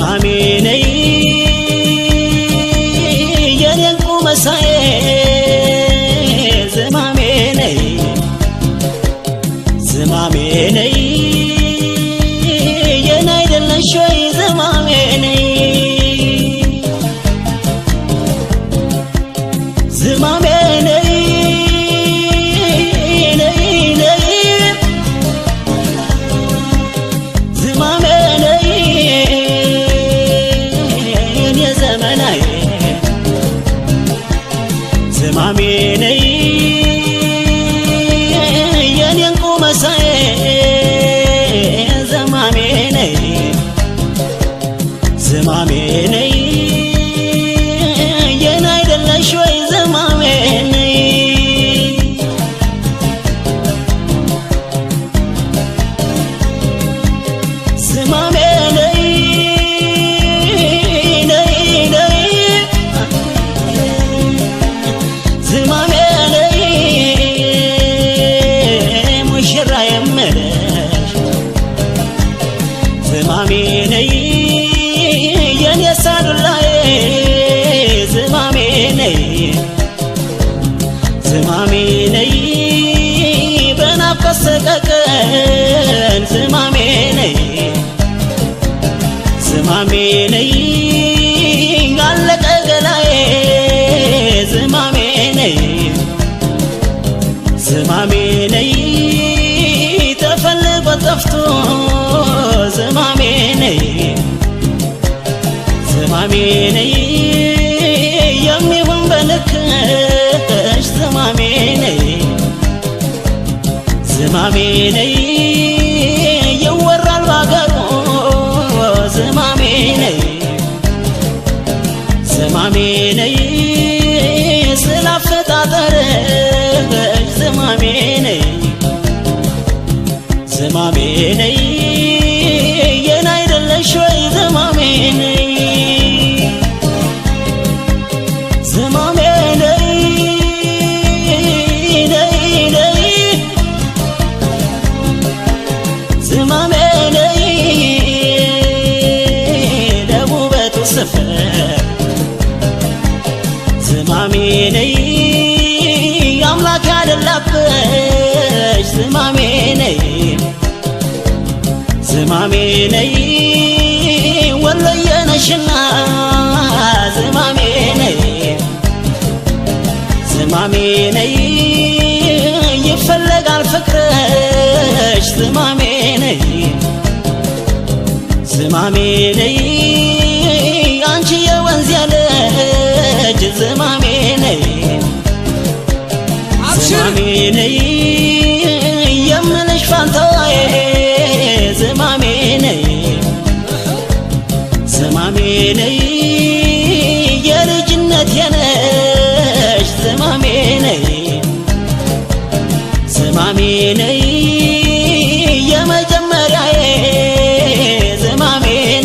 ನಾನೇ ዝማሜ ነይ மாமேனை ነይ የሚሆን በልክሽ ዝማሜ ነይ ዝማሜ ነይ ይወራል ባገሩ ዝማሜ ነይ ዝማሜ ነይ ስላፈጣጠርሽ ዝማሜ ነይ ዝማሜ ነይ ዝማሜ ነይ አምላክ ያደላበሽ ዝማሜ ነይ ዝማሜ ነይ ወሎዬ ነሽና ዝማሜ ነይ ዝማሜ ነይ ይፈለጋል ፍቅርሽ ዝማሜ ነይ ዝማሜ ነይ ዝማሜ ነይ ዝማሜ ነይ የምልሽ ፋንታዬ ዝማሜ ነይ ዝማሜ ነይ የልጅነት የነሽ ዝማሜ ነይ ዝማሜ ነይ ዝማሜ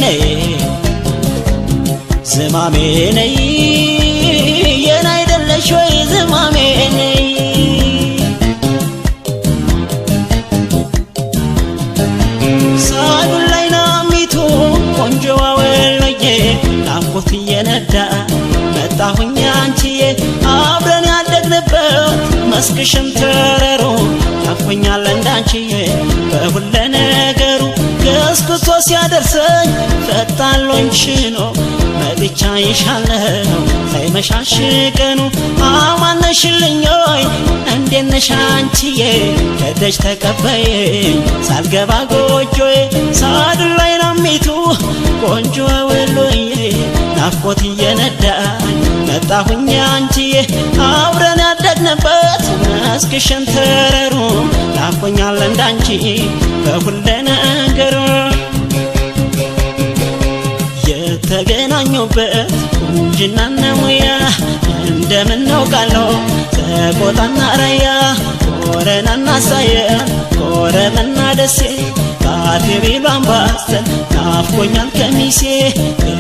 ነይ ዝማሜ ነይ ተረሮ ታፎኛል እንዳንቺዬ በሁለ ነገሩ ክርስቶስ ሲያደርሰኝ ፈጣሎኝ ችኖ መጥቻ ይሻለው ሳይመሻሽ ቀኑ አማነሽልኞይ እንዴት ነሽ አንቺዬ ከደጅ ተቀበይኝ ሳልገባ ጎጆዬ ሳድር ላይ ናሚቱ ቆንጆ ወሎዬ ናፍቆት እየነዳ መጣሁኛ አንቺዬ አብረን ያደግንበት መስክሽን ተረሩ ናፍቆኛል እንዳንቺ በሁለ ነገሩ የተገናኙበት ነሙያ ሙያ እንደምናውቃለው ሰቆጣና ራያ ኮረናና ሳየን ኮረመና ደሴ ቃቴ ቢሉ አምባሰል ናፍቆኛል ከሚሴ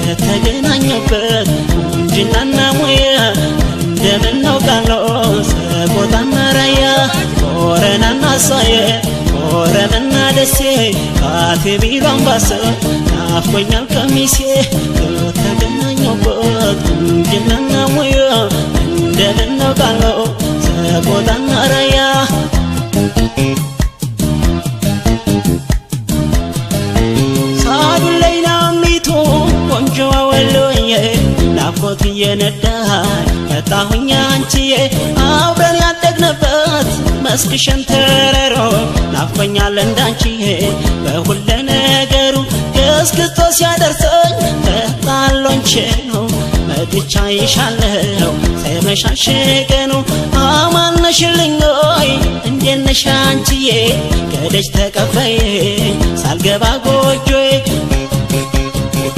የተገናኙበት ጅናና ሙያ እንደምነው ቃሎስ ቦታና ራያ ኮረናና ሳየ ኮረምና ደሴ ካፌ ቢሉ አምባሰ ናፍቆኛል ቀሚሴ ከተገናኘበት ጅንዳና ሙያ እንደምነው ቃሎ ቦታና ራያ የነዳኝ መጣሁኝ አንቺዬ አብረን ያደግንበት መስክሽን ተረሮ ናፈኛል እንዳንቺዬ በሁለ ነገሩ ገስግስቶስ ያደርሰኝ ተጣሎንቼ ነው መጥቻ ይሻለው ሰመሻሽቀኑ አማነሽልኝ ሆይ እንዴነሽ አንቺዬ ገደች ተቀበይ ሳልገባ ጎጆዬ